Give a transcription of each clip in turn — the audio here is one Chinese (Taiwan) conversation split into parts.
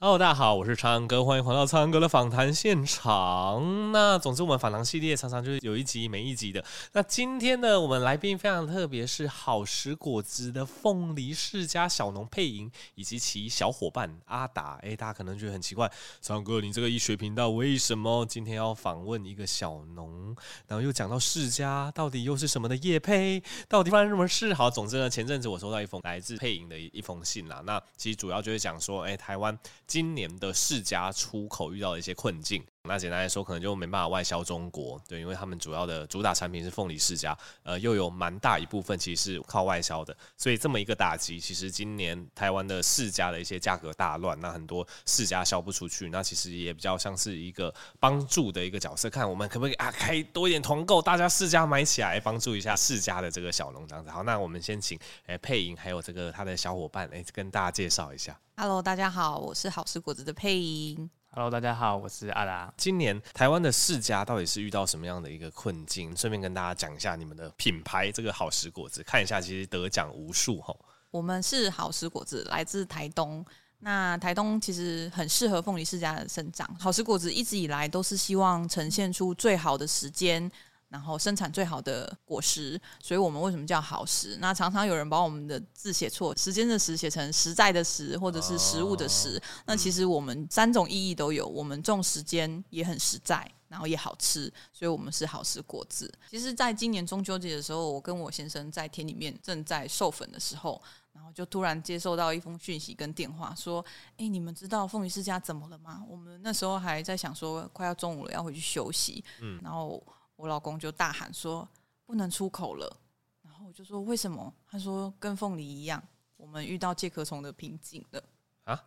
哦，大家好，我是蒼鴿，歡迎回到蒼鴿的訪談現場。那總之，我們訪談系列常常就是有一集沒一集的。那今天呢，我們來賓非常特別，是好時果子的鳳梨釋迦小農沛縈，以及其小夥伴阿達。哎，大家可能覺得很奇怪，蒼鴿，你這個醫學頻道為什麼今天要訪問一個小農？然後又講到釋迦，到底又是什麼的業配？到底發生什麼事？好，總之呢，前陣子我收到一封來自沛縈的一封信啦，那其實主要就是講說，哎，台灣。今年的釋迦出口遇到的一些困境。那簡單來說，可能就沒辦法外銷中國，對，因為他們主要的主打產品是鳳梨釋迦，呃，又有蠻大一部分其實是靠外銷的，所以這麼一個打擊，其實今年台灣的釋迦的一些價格大亂，那很多釋迦銷不出去，那其實也比較像是一個幫助的一個角色，看我們可不可以啊，開多一點團購，大家釋迦買起來，幫、欸、助一下釋迦的這個小農這樣子。好，那我們先請誒沛縈，欸、還有這個他的小夥伴、欸、跟大家介紹一下。Hello，大家好，我是好時果子的沛縈。Hello，大家好，我是阿拉。今年台灣的釋迦到底是遇到什麼樣的一個困境？順便跟大家講一下你們的品牌這個好時果子，看一下其實得獎無數齁。我們是好時果子，來自台東。那台東其實很適合鳳梨釋迦的生長。好時果子一直以來都是希望呈現出最好的時間，然後生產最好的果實，所以我們為什麼叫好時？那常常有人把我們的字寫錯，時間的時寫成實在的實，或者是食物的食、哦。那其實我們三種意義都有。我們重時間也很實在，然後也好吃，所以我們是好時果子。其實，在今年中秋節的時候，我跟我先生在田裡面正在授粉的時候，然後就突然接收到一封訊息跟電話，說：“哎，你們知道鳳梨釋迦怎麼了嗎？”我們那時候還在想說，快要中午了，要回去休息。嗯，然後。我老公就大喊說：“不能出口了。”然後我就說：“為什麼？”他說：“跟鳳梨一樣，我們遇到介殼蟲的瓶頸了。”啊。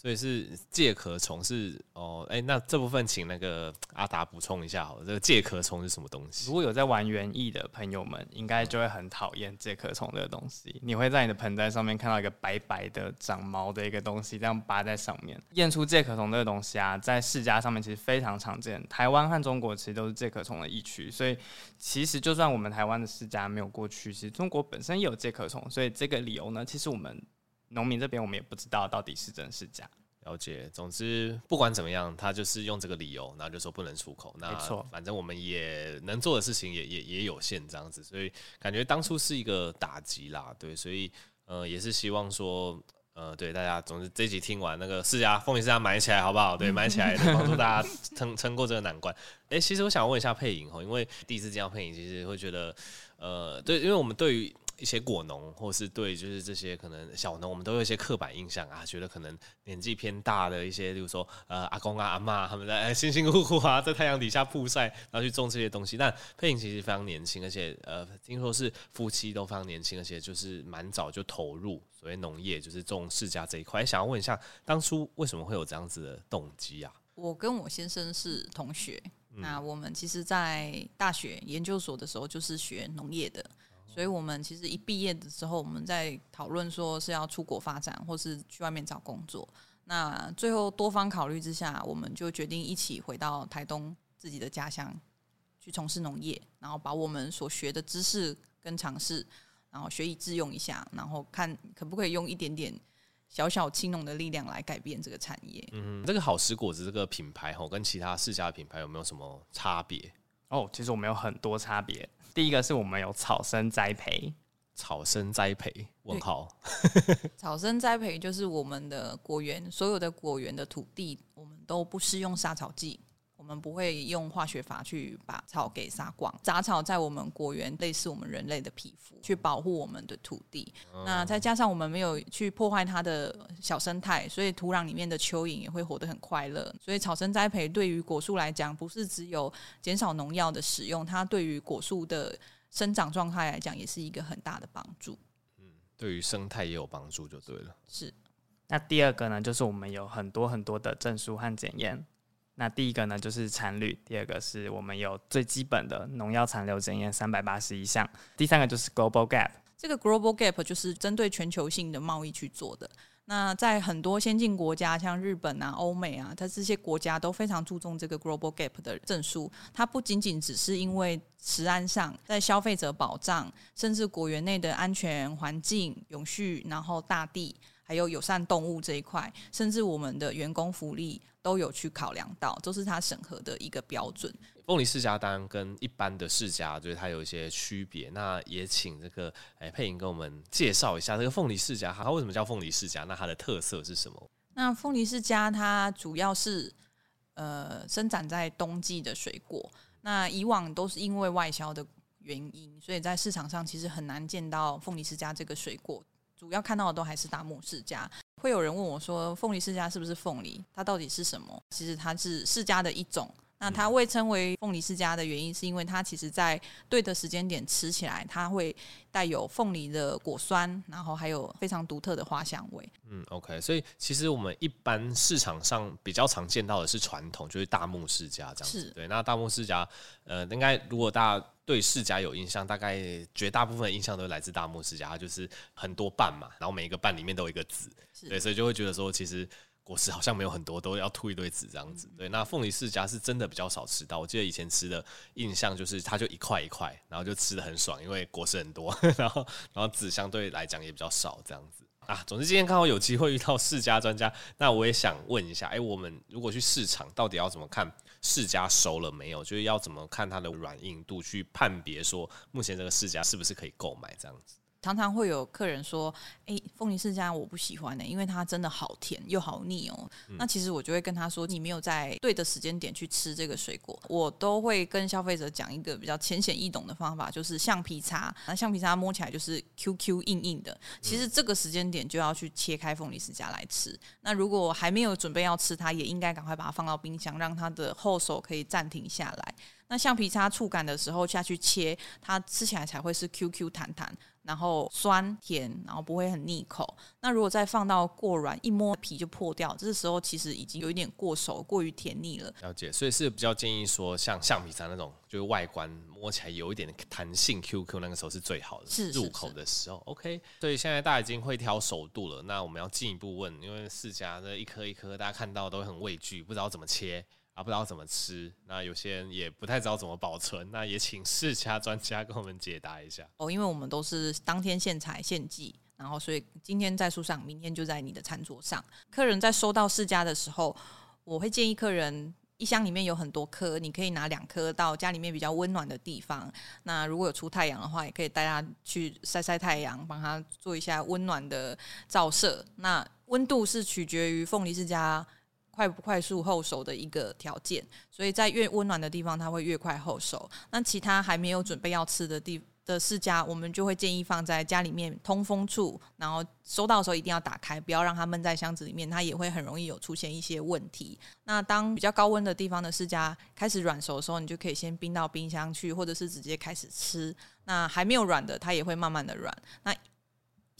所以是介殼蟲是哦，誒、欸，那這部分請那個阿達補充一下哈，這個介殼蟲是什麼東西？如果有在玩園藝的朋友們，應該就會很討厭介殼蟲這個東西，嗯。你會在你的盆栽上面看到一個白白的、長毛的一個東西，這樣扒在上面，驗出介殼蟲這個東西啊，在釋迦上面其實非常常見。台灣和中國其實都是介殼蟲的疫區，所以其實就算我們台灣的釋迦沒有過去，其實中國本身也有介殼蟲。所以這個理由呢，其實我們。農民這邊我們也不知道到底是真是假，了解。總之不管怎麼樣，他就是用這個理由，然後就說不能出口。那沒錯，反正我們也能做的事情也也也有限，這樣子，所以感覺當初是一個打擊啦，對。所以呃也是希望說呃對大家，總之這集聽完那個釋迦鳳梨釋迦買起來好不好？對，買起來幫助 大家撐撐過這個難關。誒、欸，其實我想問一下沛縈吼，因為第一次見到沛縈，其實會覺得呃對，因為我們對於。一些果農，或是對就是這些可能小農，我們都有一些刻板印象啊，覺得可能年紀偏大的一些，例如說呃阿公啊阿媽，他們在欸辛辛苦苦啊，在太陽底下曝曬，然後去種這些東西。但沛縈其實非常年輕，而且呃聽說是夫妻都非常年輕，而且就是蠻早就投入所謂農業，就是種釋迦這一塊。想要問一下，當初為什麼會有這樣子的動機啊？我跟我先生是同學，嗯、那我們其實，在大學研究所的時候就是學農業的。所以我們其實一畢業的時候，我們在討論說是要出國發展，或是去外面找工作。那最後多方考慮之下，我們就決定一起回到台東自己的家鄉，去從事農業，然後把我們所學的知識跟嘗試，然後學以致用一下，然後看可不可以用一點點小小青農的力量來改變這個產業。嗯，這個好時果子這個品牌吼，跟其他釋迦品牌有沒有什麼差別？哦、oh，其實我們有很多差別。第一個是我們有草生栽培，草生栽培問號， 草生栽培就是我們的果園，所有的果園的土地我們都不施用殺草劑。我們不會用化學法去把草給殺光，雜草在我們果園類似我們人類的皮膚，去保護我們的土地。嗯。那再加上我們沒有去破壞它的小生態，所以土壤裡面的蚯蚓也會活得很快樂。所以草生栽培對於果樹來講，不是只有減少農藥的使用，它對於果樹的生長狀態來講也是一個很大的幫助。嗯，對於生態也有幫助就對了。是。那第二個呢，就是我們有很多很多的證書和檢驗。那第一個呢，就是產率，第二個是我們有最基本的農藥殘留檢驗三百八十一項，第三個就是 Global Gap。這個 Global Gap 就是針對全球性的貿易去做的。那在很多先進國家，像日本啊、歐美啊，它這些國家都非常注重這個 Global Gap 的證書。它不僅僅只是因為食安上，在消費者保障，甚至果園內的安全環境、永續，然後大地，還有友善動物這一塊，甚至我們的員工福利都有去考量到，這是他審核的一個標準。鳳梨釋迦當然跟一般的釋迦，就是它有一些區別。那也請這個哎沛縈給我們介紹一下這個鳳梨釋迦，它為什麼叫鳳梨釋迦？那它的特色是什麼？那鳳梨釋迦它主要是呃生長在冬季的水果。那以往都是因為外銷的原因，所以在市場上其實很難見到鳳梨釋迦這個水果，主要看到的都還是大目釋迦。會有人問我說：“鳳梨釋迦是不是鳳梨？它到底是什麼？”其實它是釋迦的一種。那它被稱為鳳梨釋迦的原因，是因為它其實在對的時間點吃起來，它會帶有鳳梨的果酸，然後還有非常獨特的花香味。嗯，OK。所以其實我們一般市場上比較常見到的是傳統，就是大目釋迦這樣子。是。對，那大目釋迦，呃，應該如果大家。對釋迦有印象，大概絕大部分的印象都來自大目釋迦，它就是很多瓣嘛，然後每一個瓣裡面都有一個籽，對，所以就會覺得說，其實果實好像沒有很多，都要吐一堆籽這樣子。嗯、對，那鳳梨釋迦是真的比較少吃到，我記得以前吃的印象就是它就一塊一塊，然後就吃得很爽，因為果實很多，然後然後籽相對來講也比較少這樣子啊。總之今天剛好有機會遇到釋迦專家，那我也想問一下，哎、欸，我們如果去市場到底要怎麼看？釋迦熟了沒有？就是要怎麼看它的軟硬度，去判別說目前這個釋迦是不是可以購買這樣子。常常會有客人說：“哎、欸，鳳梨釋迦我不喜歡的、欸，因為它真的好甜又好膩哦、喔。嗯”那其實我就會跟他說：“你沒有在對的時間點去吃這個水果。”我都會跟消費者講一個比較淺顯易懂的方法，就是橡皮擦。那橡皮擦摸起來就是 Q Q 硬硬的、嗯，其實這個時間點就要去切開鳳梨釋迦來吃。那如果還沒有準備要吃它，也應該趕快把它放到冰箱，讓它的後手可以暫停下來。那橡皮擦觸感的時候下去切它，吃起來才會是 Q Q 彈彈，然後酸甜，然後不會很膩口。那如果再放到過軟，一摸皮就破掉，這時候其實已經有一點過熟，過於甜膩了。了解，所以是比較建議說，像橡皮擦那種，就是外觀摸起來有一點彈性，QQ，那個時候是最好的，是是是是入口的時候。OK。所以現在大家已經會挑熟度了。那我們要進一步問，因為釋迦這一顆一顆，大家看到都很畏懼，不知道怎麼切。啊，不知道怎麼吃，那有些人也不太知道怎麼保存，那也請釋迦專家給我們解答一下哦。因為我們都是當天現採現寄，然後所以今天在樹上，明天就在你的餐桌上。客人在收到釋迦的時候，我會建議客人一箱裡面有很多顆，你可以拿兩顆到家裡面比較溫暖的地方。那如果有出太陽的話，也可以帶他去曬曬太陽，幫他做一下溫暖的照射。那溫度是取決於鳳梨釋迦，快不快速後熟的一個條件，所以在越溫暖的地方，它會越快後熟。那其他還沒有準備要吃的地的釋迦，我們就會建議放在家裡面通風處，然後收到的時候一定要打開，不要讓它悶在箱子裡面，它也會很容易有出現一些問題。那當比較高溫的地方的釋迦開始軟熟的時候，你就可以先冰到冰箱去，或者是直接開始吃。那還沒有軟的，它也會慢慢的軟。那。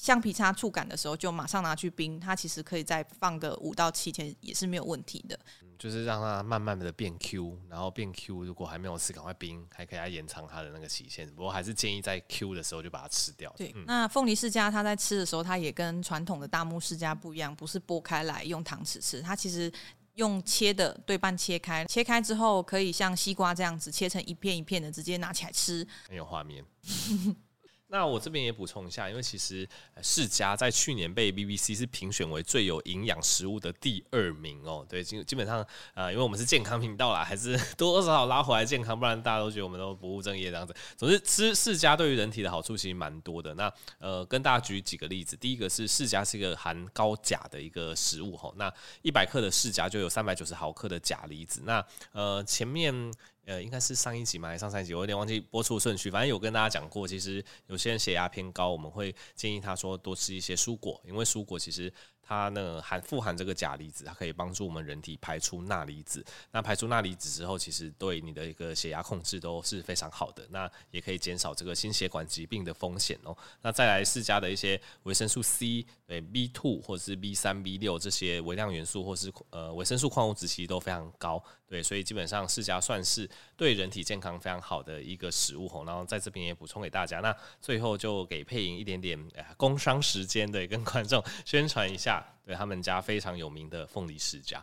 橡皮擦觸感的時候，就馬上拿去冰。它其實可以再放個五到七天，也是沒有問題的，嗯。就是讓它慢慢的變 Q，然後變 Q。如果還沒有吃，趕快冰，還可以還延長它的那個期限。不過還是建議在 Q 的時候就把它吃掉。對，嗯，那鳳梨釋迦，它在吃的時候，它也跟傳統的大目釋迦不一樣，不是剝開來用湯匙吃，它其實用切的，對半切開，切開之後可以像西瓜這樣子切成一片一片的，直接拿起來吃，很有畫面。 那我這邊也補充一下，因為其實釋迦在去年被 BBC 是評選為最有營養食物的第二名哦。對，基基本上，啊、呃，因為我們是健康頻道啦，還是多多少少拉回來健康，不然大家都覺得我們都不務正業這樣子。總之，吃釋迦對於人體的好處其實蠻多的。那呃，跟大家舉幾個例子，第一個是釋迦是一個含高鉀的一個食物哈。那一百克的釋迦就有三百九十毫克的鉀離子。那呃，前面。呃，應該是上一集嘛，還上三集？我有點忘記播出順序。反正有跟大家講過，其實有些人血壓偏高，我們會建議他說多吃一些蔬果，因為蔬果其實它呢含富含這個鉀離子，它可以幫助我們人體排出鈉離子。那排出鈉離子之後，其實對你的一個血壓控制都是非常好的。那也可以減少這個心血管疾病的風險哦、喔。那再來釋迦的一些維生素 C，呃，B two 或是 B 三、B 六這些微量元素，或是呃維生素礦物質其實都非常高。對，所以基本上，釋迦算是對人體健康非常好的一個食物，然後在這邊也補充給大家。那最後就給沛縈一點點工商時間，對，跟觀眾宣傳一下，對他們家非常有名的鳳梨釋迦。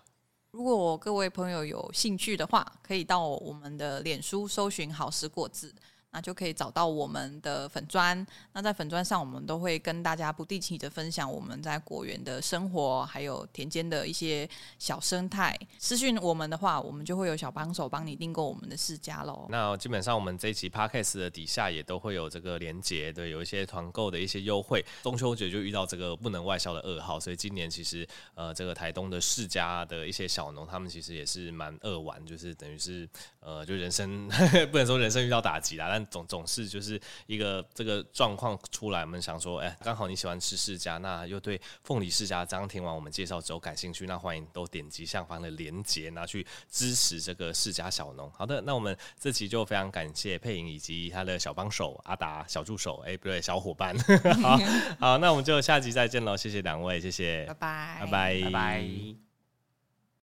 如果各位朋友有興趣的話，可以到我們的臉書搜尋“好時果子”。那就可以找到我們的粉專。那在粉專上，我們都會跟大家不定期的分享我們在果園的生活，還有田間的一些小生態。私訊我們的話，我們就會有小幫手幫你訂購我們的釋迦嘍。那基本上我們這一期 Podcast 的底下也都會有這個連結，對，有一些團購的一些優惠。中秋節就遇到這個不能外銷的噩耗，所以今年其實呃，這個台東的釋迦的一些小農，他們其實也是蠻扼腕，就是等於是呃，就人生 不能說人生遇到打擊啦，但但總總是就是一個這個狀況出來，我們想說，哎、欸，剛好你喜歡吃釋迦，那又對鳳梨釋迦張聽完我們介紹之後感興趣，那歡迎都點擊上方的連接，拿去支持這個釋迦小農。好的，那我們這期就非常感謝沛縈以及他的小幫手阿達小助手，哎、欸、不對，小夥伴。 好，好，那我們就下期再見嘍，謝謝兩位，謝謝，拜拜，拜拜，拜。